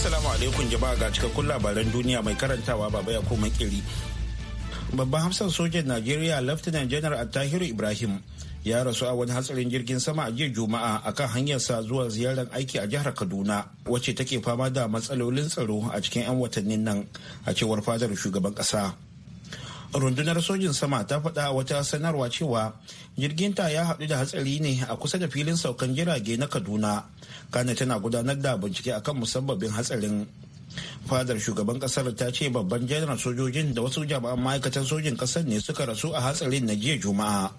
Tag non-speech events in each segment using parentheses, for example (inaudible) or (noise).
Assalamu alaikum jama'a ga cikakkun labaran duniya mai karantawa baba ya koma kiri. Babban hafsan sojan Najeriya Laftanan Janar Attahiru Ibrahim ya rasu a wani hatsarin jirgin sama a jiya Juma'a akan sa zuwa ziyarar aiki a jihar Kaduna wacce take fama da matsalolin tsaro a cikin 'yan watannin nan a cewar fadar shugaban ƙasa. rundunar sojin sama ta faɗa wata sanarwa cewa jirginta ya haɗu da hatsari ne a kusa da filin saukan jirage na kaduna kana tana gudanar da bincike akan musabbabin hatsarin fadar shugaban kasar ta ce babban janar sojojin da wasu jami'an ma'aikatan sojin kasar ne suka rasu a hatsarin na jiya juma'a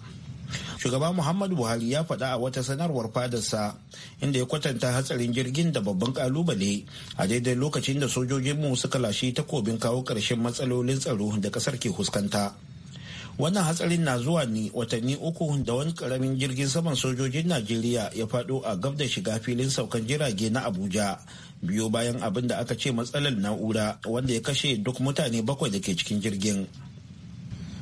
shugaba muhammadu buhari ya faɗa a wata sanarwar fadarsa inda ya kwatanta hatsarin jirgin da babban kalubale a daidai lokacin da sojojinmu suka lashe takobin kawo ƙarshen matsalolin tsaro da ƙasar ke fuskanta wannan hatsarin na zuwa ne watanni uku da wani karamin jirgin saman sojojin najeriya ya faɗo a gab da shiga filin saukan jirage na abuja biyo bayan abin da aka ce matsalar na'ura wanda ya kashe duk mutane bakwai da ke cikin jirgin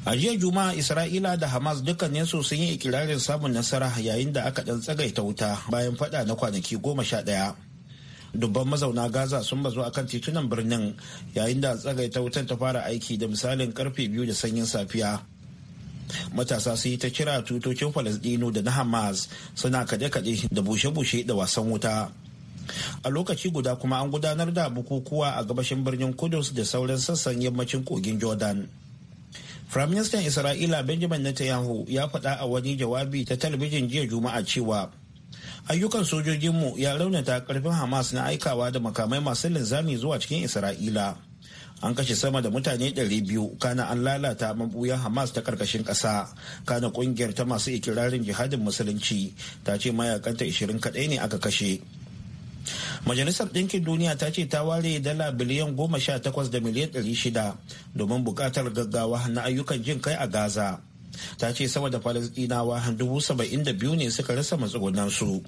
a jiya juma'a isra'ila da hamas dukkaninsu sun yi ikirarin samun nasara yayin da aka ɗan tsagaita wuta bayan faɗa na kwanaki goma sha ɗaya dubban mazauna gaza sun bazu akan titunan birnin yayin da tsagaita wutan ta fara aiki da misalin karfe biyu da sanyin safiya matasa sun yi ta kira tutocin falasdino da na hamas suna kaɗe-kaɗe da bushe-bushe da wasan wuta a lokaci guda kuma an gudanar da bukukuwa a gabashin birnin kudus da sauran sassan yammacin kogin jordan Firaministan Isra'ila Benjamin Netanyahu ya faɗa a wani jawabi ta talabijin jiya Juma'a cewa ayyukan sojojinmu ya raunata karfin Hamas na aikawa da makamai masu linzami zuwa cikin Isra'ila. An kashe sama da mutane 200 kana an lalata mabuyan Hamas ta ƙarƙashin ƙasa kana ƙungiyar ta masu ikirarin jihadin musulunci ta ce mayakanta 20 kaɗai ne aka kashe. majalisar ɗinkin duniya ta ce ta ware dala biliyan goma sha takwas da miliyan ɗari shida domin buƙatar gaggawa na ayyukan jin kai a gaza ta ce sama da falasɗinawa dubu saba'in da biyu ne suka rasa matsugunansu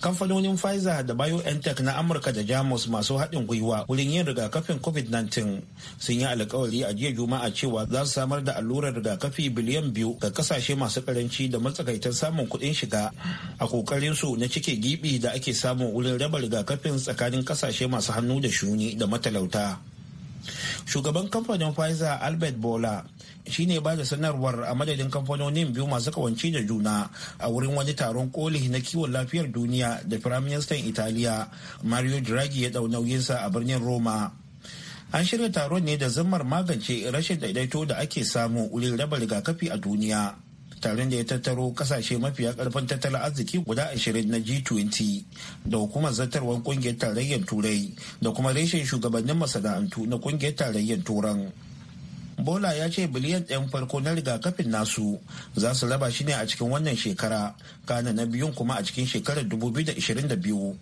kamfanonin pfizer da biontech na amurka da jamus masu haɗin gwiwa wurin yin rigakafin covid-19 sun yi alkawari a jiya juma'a cewa za su samar da allurar rigakafi biliyan biyu ga kasashe masu karanci da matsakaitar samun kuɗin shiga a kokarin su na cike gibi da ake samu wurin raba rigakafin tsakanin kasashe masu hannu da shuni da matalauta shugaban kamfanin pfizer albert bola shine ba da sanarwar a madadin kamfanonin biyu masu kawanci da juna a wurin wani taron koli na kiwon lafiyar duniya da firaministan italiya mario draghi ya dau nauyinsa a birnin roma an shirya taron ne da zammar magance rashin daidaito da ake samu wurin raba rigakafi a duniya taron da ya tattaro kasashe mafiya karfin tattalin arziki guda 20 na G20 da hukumar zartarwar kungiyar tarayyar turai da kuma reshen shugabannin masana'antu na kungiyar tarayyar turan. bola ya ce biliyan ɗayan farko na rigakafin nasu za su raba shi ne a cikin wannan shekara kana na biyun kuma a cikin shekarar 2022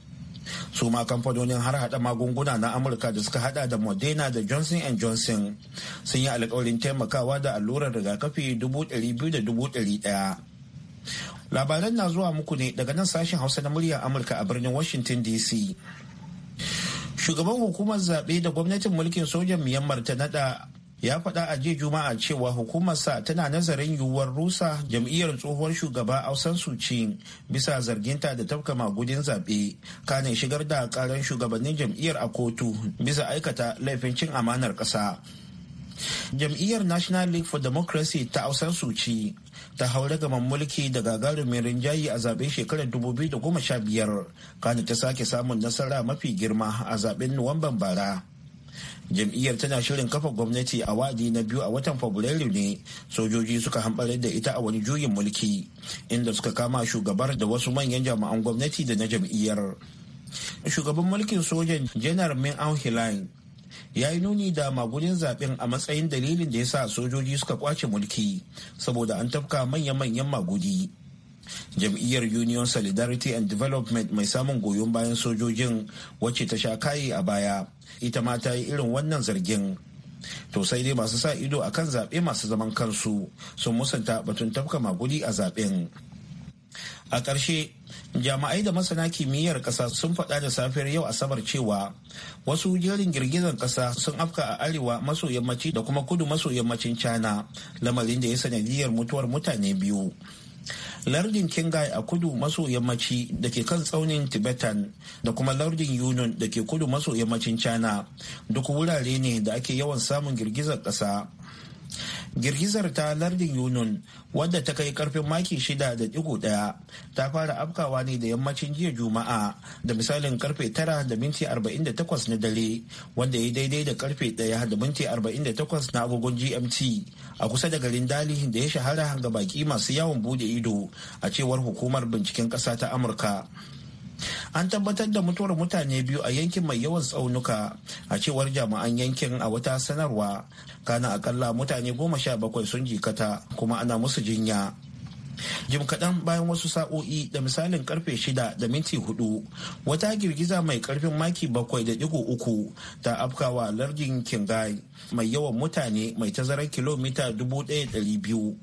su ma kamfanonin har hada magunguna na amurka da suka hada da moderna da johnson johnson sun yi alkawarin taimakawa da allurar rigakafi 200,100 labaran na zuwa muku ne daga nan sashen hausa na muryar amurka a birnin washington dc shugaban hukumar zaɓe da gwamnatin mulkin sojan myanmar ta nada ya faɗa a jiya juma'a cewa hukumarsa tana nazarin yiwuwar rusa jam'iyyar tsohuwar shugaba ausan suci bisa zarginta da tafka magudin zaɓe kane shigar da karan shugabannin jam'iyyar a kotu bisa aikata laifin cin amanar ƙasa jam'iyyar national league for democracy ta ausan suci ta haure gaban mulki da gagarumin rinjayi a zaben shekarar 2015 kana ta sake samun nasara mafi girma a zaben nuwamban bara jam'iyyar tana shirin kafa gwamnati a wadi na biyu a watan fabrairu ne sojoji suka hambare da ita a wani juyin mulki inda suka kama shugabar da wasu manyan jami'an gwamnati da na jam'iyyar shugaban mulkin sojan janar min an ya yi nuni da magudin zaɓen a matsayin dalilin da ya sa sojoji suka kwace mulki saboda an tafka manya-manyan magudi jam'iyyar union solidarity and development mai samun goyon bayan sojojin wacce ta sha kayi a baya ita ma ta yi irin wannan zargin to sai dai masu sa ido a kan zaɓe masu zaman kansu sun musanta batun tafka magudi a zaɓen a ƙarshe jama'ai da masana kimiyyar ƙasa sun faɗa da safiyar yau asabar cewa wasu jerin girgizar ƙasa sun afka a arewa maso yammaci da kuma kudu maso yammacin china lamarin da ya sanadiyar mutuwar mutane biyu lardin kingai a kudu maso yammaci da ke kan tsaunin tibetan da kuma lardin union da ke kudu maso yammacin china duk wurare ne da ake yawan samun girgizar ƙasa girgizar ta lardin yunun wadda ta kai karfin maki shida da digo daya ta fara afkawa ne da yammacin jiya juma'a da misalin karfe tara da minti arba'in da takwas na dare wanda ya daidai da karfe daya da minti arba'in da takwas na agogon gmt a kusa da garin dali da ya shahara ga baki masu yawon bude ido a cewar hukumar binciken ƙasa ta amurka an tabbatar da mutuwar mutane biyu a yankin mai yawan tsaunuka a cewar jami'an yankin a wata sanarwa kana akalla mutane goma sha bakwai sun jikata kuma ana musu jinya jim kaɗan bayan wasu sa'o'i da misalin karfe shida da minti hudu wata girgiza mai karfin maki bakwai da digo uku ta afkawa lardin kingai mai yawan mutane mai tazarar kilomita dubu ɗaya ɗari biyu.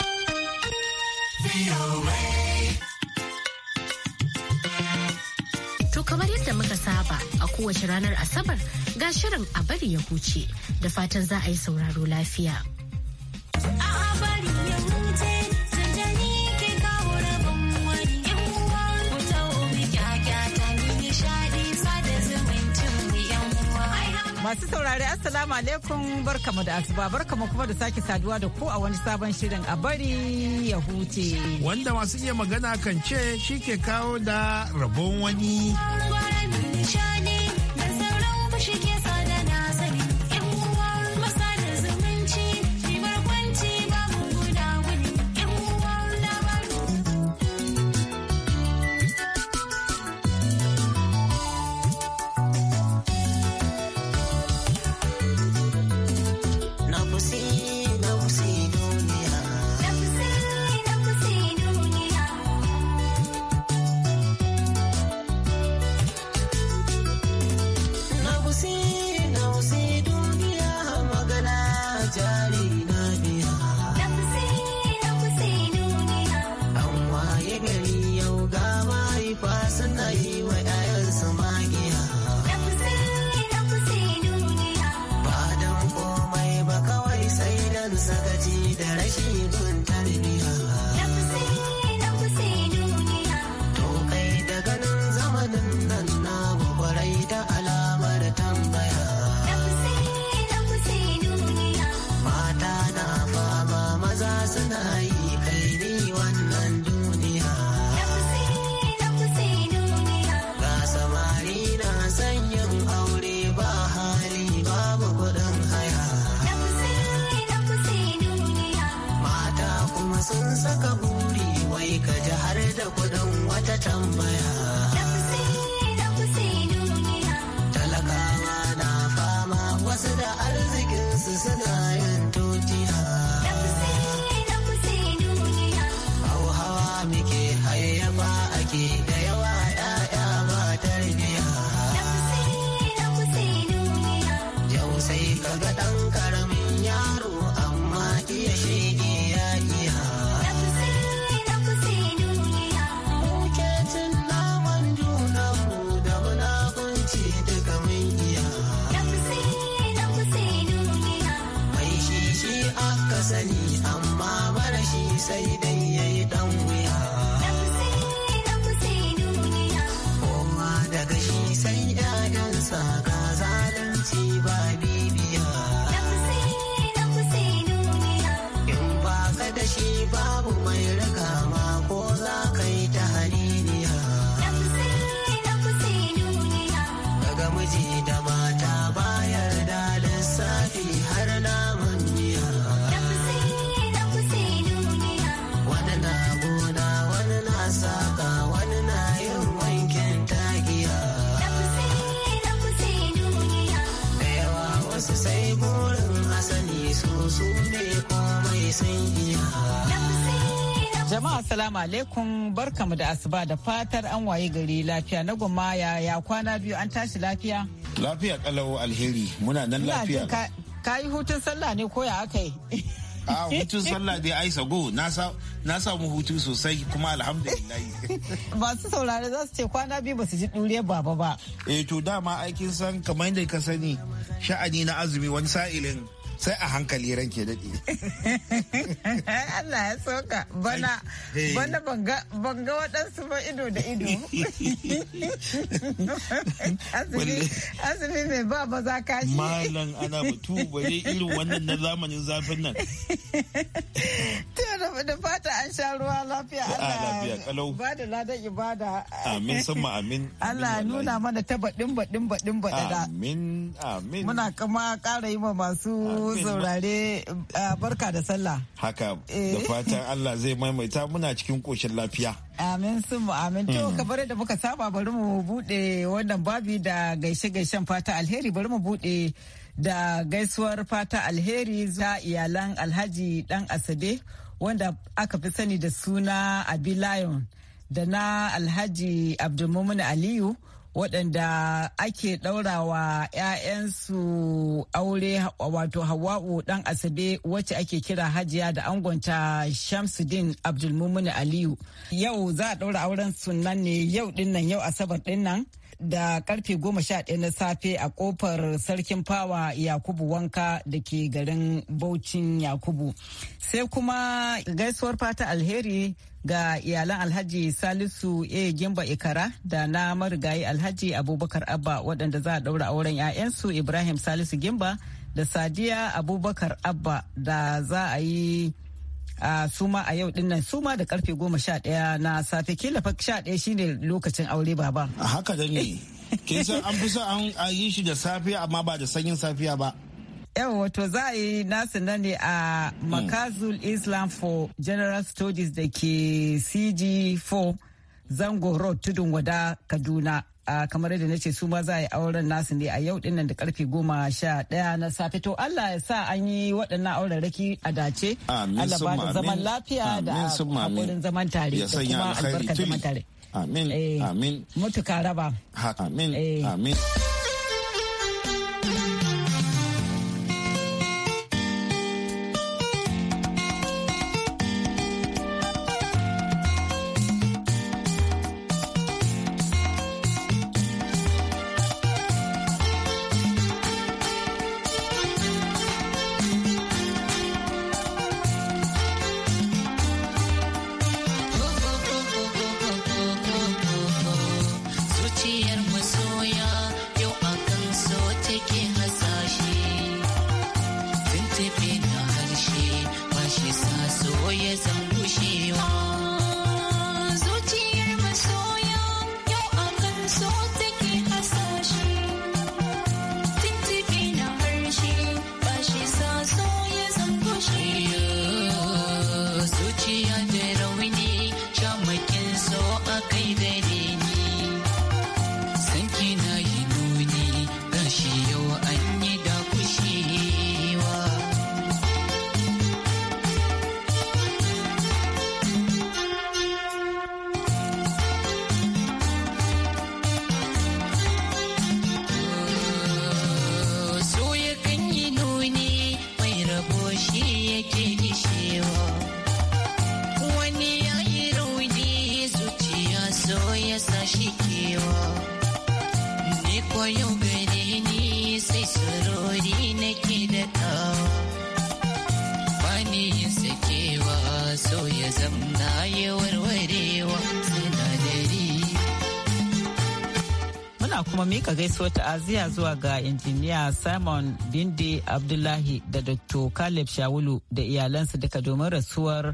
kowace ranar Asabar ga shirin a bari ya huce da fatan za a yi sauraro lafiya. Masu saurari Assalamu alaikum barkamu da asuba barkamu kuma da sake saduwa da ku a wani sabon shirin a bari ya huce. Wanda masu iya magana kan ce shi ke kawo da rabon wani. Assalamu alaikum barkamu da asuba da fatar an waye gari lafiya na goma ya kwana biyu an tashi lafiya. Lafiya kalau alheri muna nan lafiya. Ka yi hutun sallah ne ko ya aka yi? A hutun sallah dai ai sago na samu hutu sosai kuma alhamdulillah. (laughs) Masu saurare za su ce kwana biyu ba su ji ɗuriyar baba ba. Eh, to dama aikin san kamar da ka sani sha'ani na azumi wani sa'ilin sai a hankali ran ke daɗi. (laughs) Allah ya soka bana bana banga waɗansu ba ido da ido. Asibi (laughs) mai ba ba za ka shi. Malam ana batu ba dai irin wannan na zamanin zafin nan. (laughs) Da fata an sha ruwa lafiya Allah. Ba da ladan ibada. Amin sama amin. Allah nuna mana ta baɗin baɗin baɗin baɗin. Amin amin. Muna kama ƙara yi ma masu masu saurare barka da sallah. Haka da eh. fatan Allah zai maimaita muna cikin koshin lafiya. Amin sun mu amin to hmm. kamar da muka saba bari mu bude wannan babi da gaishe-gaishen fata alheri bari mu bude da gaisuwar fata alheri za iyalan Alhaji Dan Asabe wanda aka fi sani da suna Abi Lion da na Alhaji Abdulmumin Aliyu. waɗanda ake ɗaurawa 'ya'yansu aure wato hawa'u ɗan asabe wacce ake kira hajiya da angonta shamsuddin abdulmumuni aliyu yau za a ɗaura auren sunan ne yau dinnan yau asabar dinnan da karfe goma sha ɗaya na safe a kofar sarkin fawa yakubu wanka da ke garin baucin yakubu sai kuma gaisuwar fata alheri ga iyalan alhaji salisu a gimba ikara da na marigayi alhaji abubakar abba waɗanda za a ɗaura auren 'ya'yansu ibrahim salisu gimba da sadiya abubakar abba da za a yi a suma a yau dinnan suma da karfe goma sha ɗaya na safe kila fa sha ɗaya shine lokacin aure baba. A haka da ne. ke san an fi son an yi shi da safiya amma ba da sanyin safiya ba. yau wato za a yi nasu nan ne a hmm. makazul islam for general studies da ke cg4 zango road tudun wada kaduna Uh, kamar yadda na ce su ma za a yi auren nasu ne a yau dinnan da karfe goma sha daya na safe to Allah ya sa an yi waɗannan auren raki a dace Allah ba da zaman lafiya da hakurin zaman tare da kuma albarkar zaman tare amin eh, amin mutuka raba amin eh. amin yasa shi kewa ne koyo gare ni sai sarori nake da kawa bani yin sakewa so ya zamna ya warwarewa sinadari muna kuma mika gaisuwar ta'aziyya zuwa ga injiniya simon bindi abdullahi da dr caleb shawulu da iyalansa duka domin rasuwar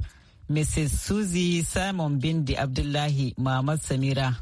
Mrs. Suzy Simon Bindi Abdullahi mama Samira.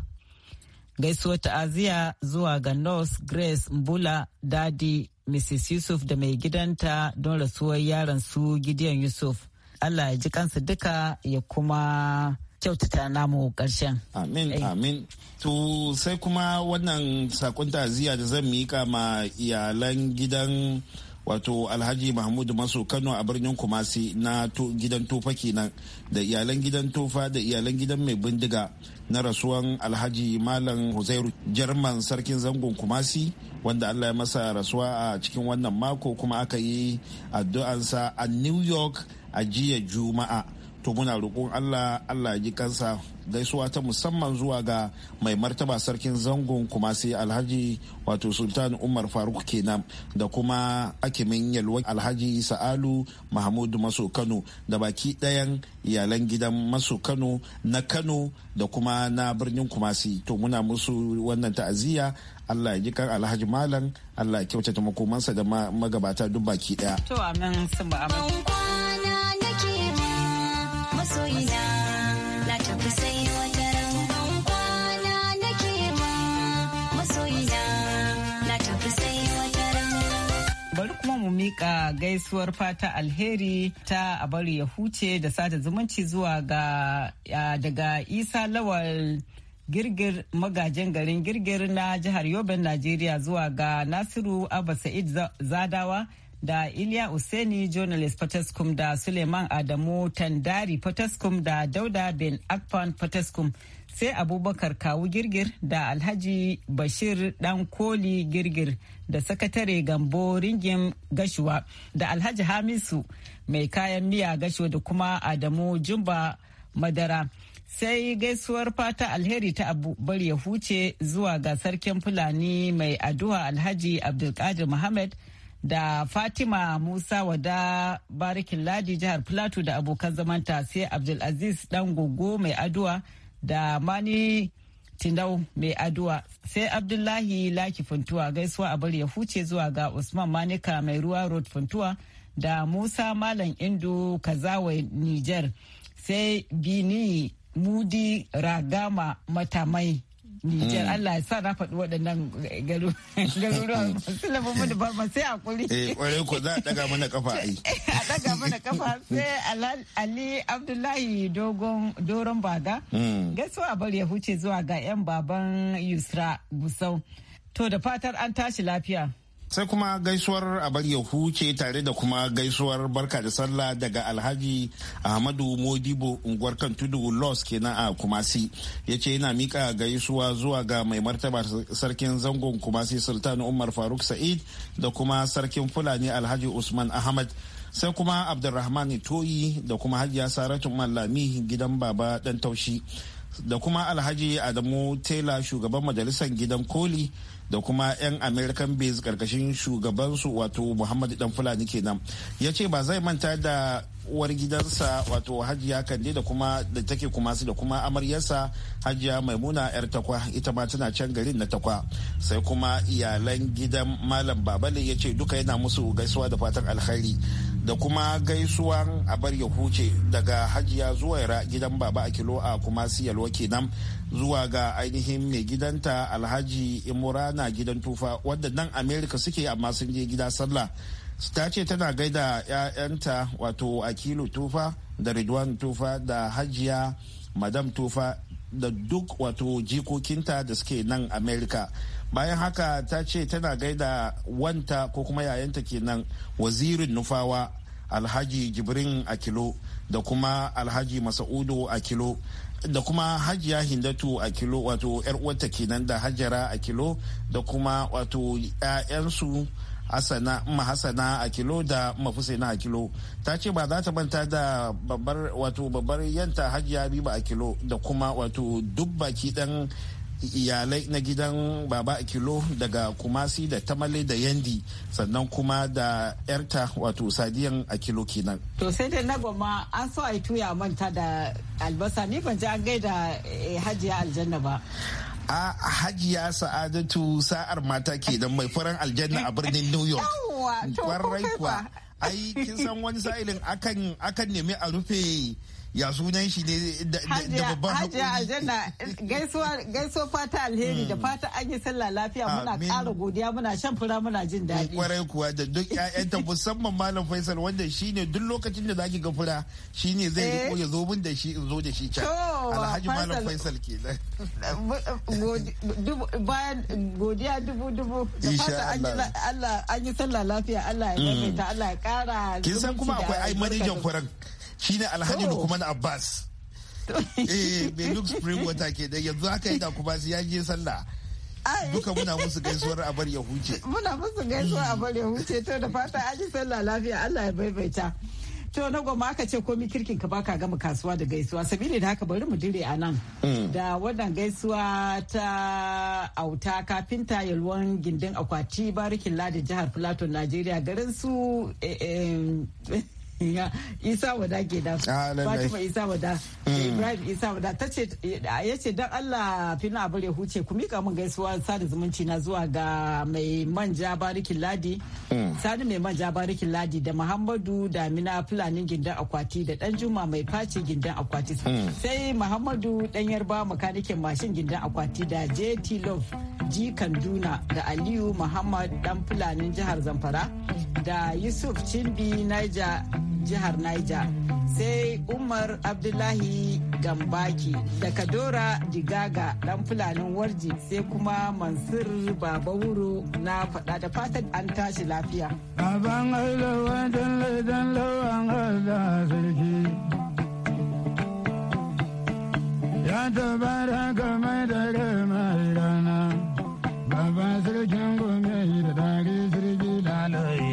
Gaisuwar ta'aziyya zuwa ga Nurse Grace Mbula Dadi Mrs. Yusuf da mai gidanta don rasuwar yaron su Gideon Yusuf. Allah ya ji kansu duka ya kuma kyautata namu ƙarshen. Amin, eh. amin. To sai kuma wannan sakon ta'aziyya da zan mika ma iyalan gidan wato alhaji mahmudu maso kano a birnin kumasi na gidan tofa kenan da iyalan gidan tufa da iyalan gidan mai bindiga na rasuwan alhaji malam huzairu jarman sarkin zangon kumasi wanda allah ya masa rasuwa a cikin wannan mako kuma aka yi addu'ansa a new york a jiya juma'a to muna roƙon allah allah ji kansa gaisuwa ta musamman zuwa ga mai martaba sarkin zangon kuma sai alhaji wato sultan umar faruk kenan da kuma akimin yalwa alhaji sa'alu mahmud maso kano da baki ɗayan iyalan gidan maso kano na kano da kuma na birnin kumasi to muna musu wannan ta'aziyya Allah ya ji kan alhaji malam Allah ya kyautata makomansa da magabata duk baki ɗaya. To amin sun amin. mika gaisuwar fata alheri ta abari ya huce da sada zumunci zuwa ga daga isa lawal girgir magajin garin girgir na jihar yoben najeriya zuwa ga nasiru abba sa'id zadawa da Ilya Useni journalist Potescum da Suleiman Adamu Tandari Potescum da Dauda bin Akpan Potescum sai abubakar kawu girgir da alhaji bashir dan koli girgir da sakatare gambo ringin gashuwa da alhaji hamisu mai kayan miya gashuwa da kuma adamu jumba madara sai gaisuwar fata alheri ta abu bari ya huce zuwa ga sarkin fulani mai addu'a alhaji abdulkadir muhammad da fatima musa wada barikin ladi jihar plateau da abokan zamanta sai abdulaziz dan gogo mai addu'a da mani tinau mai addua sai abdullahi laki funtuwa gaisuwa a bari ya huce zuwa ga usman manika mai ruwa road funtuwa da musa malam indu kazawa ni'jar sai bini mudi ragama matamai Nijar mm. Allah ya sa na faɗi waɗannan garuruwan su lafa mana ba sai hakuri. Eh kwarai ko za a ɗaga mana kafa ai. (laughs) A ɗaga mana kafa sai Ali Abdullahi Dogon Doron Baga. Mm. Gaisuwa bari ya huce zuwa ga 'yan baban Yusra Gusau. To da fatar an tashi lafiya. sai kuma gaisuwar abar yahu huce tare da kuma gaisuwar barka da sallah daga alhaji ahmadu modibo unguwar kan tudu los kenan a kumasi ya ce yana mika gaisuwa zuwa ga mai martaba sarkin zangon kumasi sultan umar faruk sa'id da kuma sarkin fulani alhaji usman ahmad sai kuma abdulrahman toyi da kuma hajiya saratu mallami gidan baba dan taushi da kuma alhaji adamu Taylor shugaban majalisar gidan koli da kuma 'yan american base karkashin shugabansu wato muhammadu dan fulani kenan ya ce ba zai manta da uwar gidansa wato hajiya kande da kuma da take kuma su da kuma amaryarsa hajiya maimuna yar takwa ita ma tana can garin na takwa sai kuma iyalan gidan malam babali ya ce duka yana musu gaisuwa da fatan alkhairi da kuma gaisuwan abar ya huce daga hajiya zuwaira gidan baba a kilo a kuma siyalwa kenan zuwa ga ainihin mai gidanta alhaji imurana gidan tufa wadda nan america suke amma sun je gida sallah ta ce tana gaida 'ya'yanta wato akilu tufa da ridwan tufa da hajiya madam tufa da duk wato jikokinta da suke nan america bayan haka ta ce tana gaida wanta ko kuma yayanta kenan wazirin nufawa alhaji jibrin akilo da kuma alhaji masa'udu akilo da kuma hajiya hindatu a kilo wato yar uwarta kenan da hajara a kilo da kuma wato 'ya'yansu hasana Mahasana Akilo da Mafusina Akilo ta ce ba za ta manta da babbar wato babbar yanta Hajiya Habiba Akilo da kuma wato duk baki dan iyalai na gidan Baba Akilo daga Kumasi da Tamale da Yandi sannan kuma da yarta wato Sadiyan Akilo kenan. To sai dai na goma an so a tuya manta da albasa ni ban ji an gaida eh, Hajiya Aljanna ba. a hajiya sa'adatu sa'ar mata ke da mai furan aljanna a birnin new york kwarai kuwa ai kin san wani sa'ilin akan akan nemi a rufe ya sunan shi ne da babban Hajiya aljanna gaisuwa fata alheri da mm. fata an yi sallah lafiya muna ƙara godiya muna shan fura muna jin daɗi. Mm, kwarai kuwa da duk ƴaƴanta (laughs) musamman Malam Faisal wanda shi ne duk lokacin da zaki ga fura shi ne zai riko eh. ya zo min da shi in zo da shi can. alhaji malam faisal ke bayan godiya dubu dubu da fata Allah an yi sallah lafiya Allah ya maimaita mm. Allah ya kara kin san kuma akwai ai manajan furan shine alhaji lukman abbas eh me look spring water ke da yanzu haka yana kuma ya je sallah duka muna musu gaisuwar a bar ya huce muna musu gaisuwar a bar ya huce to da fata an yi sallah lafiya Allah ya maimaita to na goma aka ce komi kirkin ka baka gama kasuwa da gaisuwa sabili da haka bari mu dire a nan hmm. da wannan gaisuwa ta auta kafinta yalwan gindin akwati barikin ladin jihar plateau najeriya garin su eh, eh, isa wada ke da ah, fatima isa wada hmm. ibrahim isa wada ta ce ya ce don allah fina abu ya huce ku mika min gaisuwa sada zumunci na zuwa ga mai manja barikin ladi hmm. sani mai manja barikin ladi da muhammadu damina fulanin gindan akwati da dan juma mai faci gindan akwati hmm. sai muhammadu dan yarba makanikin mashin gindan akwati da jt love kanduna da aliyu muhammad dan fulanin jihar zamfara da yusuf cimbi niger jihar Niger. Sai Umar Abdullahi Gambaki da Kadora Digaga dan Fulanin Warji sai kuma Mansur Baba Wuro na faɗa da fatan an tashi lafiya. ya tabaraka da mai rana baba sirkin gome da dare sirki lalai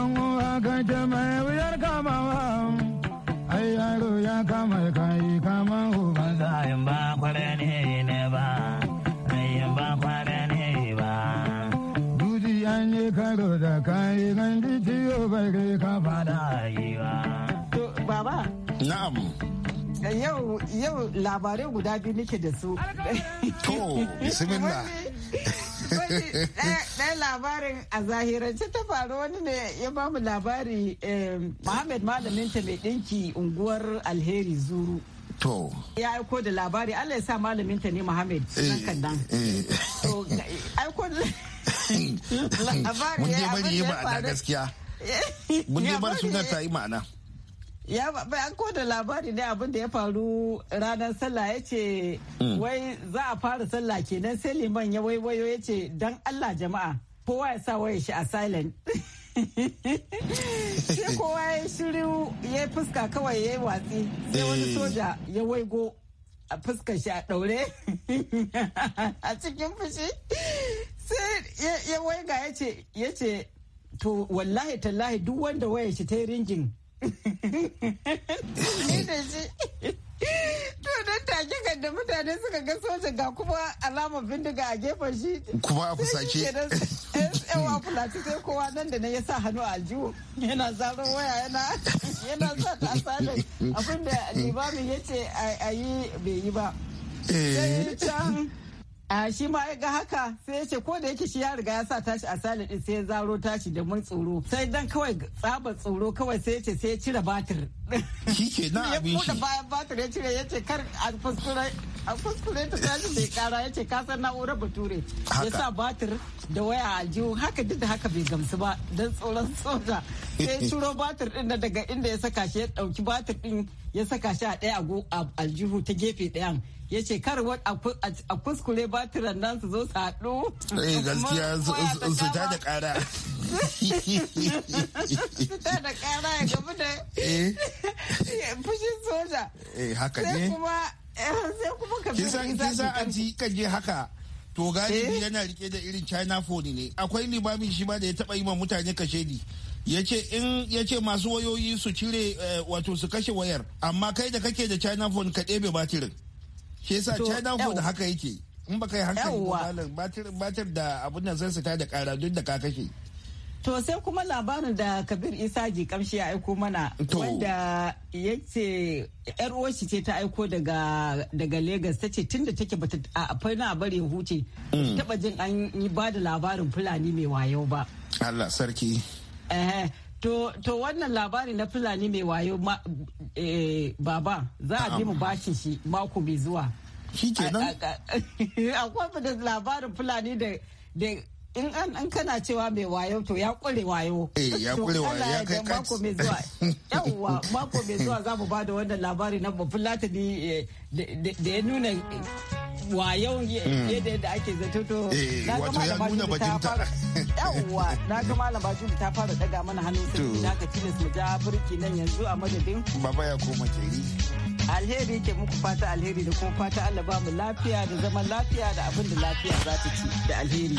don uwa kai ce mai wuyar kamawa ai yaro ya kama kai kama uban sa in ba kware ne ne ba in ba kware ne ba duji an yi karo da kayi kan ji ciwo bai kai ka fada yi ba to baba na'am eh, yau yau labarai guda biyu nake da su to bismillah ɗan labarin a zahirance ta faru wani ne ya ba mu labari Muhammad malamin ta mai ɗinki unguwar alheri zuru. To. Ya aiko da labari Allah ya sa malamin ta ne Muhammad eh, sunan kandan. Eh. To aiko da (laughs) labari ya ba ya faru. Mun je bari yi ma'ana gaskiya. (laughs) Mun ne bari sunan ta yi ma'ana. ya bai an koda labari ne abin da ya faru ranar sallah ya ce hmm. wai za a fara sallah kenan sai liman ya waiwayo ya ce don allah jama'a kowa ya sa waya shi a silent shi (laughs) kowa ya shiru ya fuska kawai ya yi watsi sai wani eh. soja ya waigo a fuskar shi a daure (laughs) a cikin fushi sai ya waiga ya ce to wallahi tallahi duk wanda waya shi ta yi ringin To nan take kan da mutane suka ga soja ga kuma alamar bindiga a gefen shi. Kuma a fusake. Yawa fulati sai kowa nan da nan ya sa hannu a aljihu yana zaro waya yana yana sa ta sanin abinda limamin ya ce a yi bai yi ba. Eh. Sai a shi ma ya ga haka sai ya ce ko da yake shi ya riga ya sa tashi a salin din sai ya zaro tashi da mun tsoro sai dan kawai tsaba tsoro kawai sai ya ce sai ya cire batir shi ke na (laughs) abin shi ya bayan batir ya cire ya ce kar a fuskura a fuskure ta tashi bai kara ya ce kasan na'urar bature ya sa batir da waya a aljihu haka duk da haka bai gamsu ba don tsoron soja (laughs) sai ya ciro batir din daga inda ya saka shi ya dauki batir din ya saka shi a ɗaya aljihu ta gefe ɗayan ya ce kar a kuskure batiran nan su zo su haɗu. Eh gaskiya su ta da ƙara. (laughs) Su ta da ƙara ya gabu da eh? (laughs) fushin soja. Eh haka ne. Eh, sai kuma ka bi. Kisan kisan haka. to galibi eh? yana rike da irin china phone ne akwai limamin shi ba da ya taba yi ma mutane kashedi ni yace ya masu wayoyi su cire eh, wato su kashe wayar amma kai da kake da china phone ka ɗebe batirin shi yasa china phone haka yake in baka yi hankali ba batir da abin nan sai su ta da kara duk da ka kashe To sai kuma labarin da Kabir isa ji kamshi ya aiko mana wanda ya ce yar uwarshi ce ta aiko daga daga Lagos ta ce tunda take bata a faina a bari huce mm. taba jin an yi ba da labarin Fulani mai wayo ba. Allah sarki. Eh to to wannan labari na Fulani mai wayo e, baba za a bi mu bashi shi mako mai zuwa. Shi kenan. (laughs) Akwai labarin Fulani da in an an kana cewa mai wayo to ya kure eh, wayo ya kure wayo ya kai kan mako mai zuwa (laughs) yawa mako mai zuwa za mu ba da wannan labari na bafulatani eh, da ya nuna yau hmm. yadda ake zato to eh, na ga malam bajin ta fara yawwa na ga malam bajin ta fara daga mana hannu sai na ka tilas mu ja burki nan yanzu a madadin baba ya koma keri alheri ke muku fata alheri da kuma fata Allah ba mu lafiya da zaman lafiya da abin da lafiya za ta ci da alheri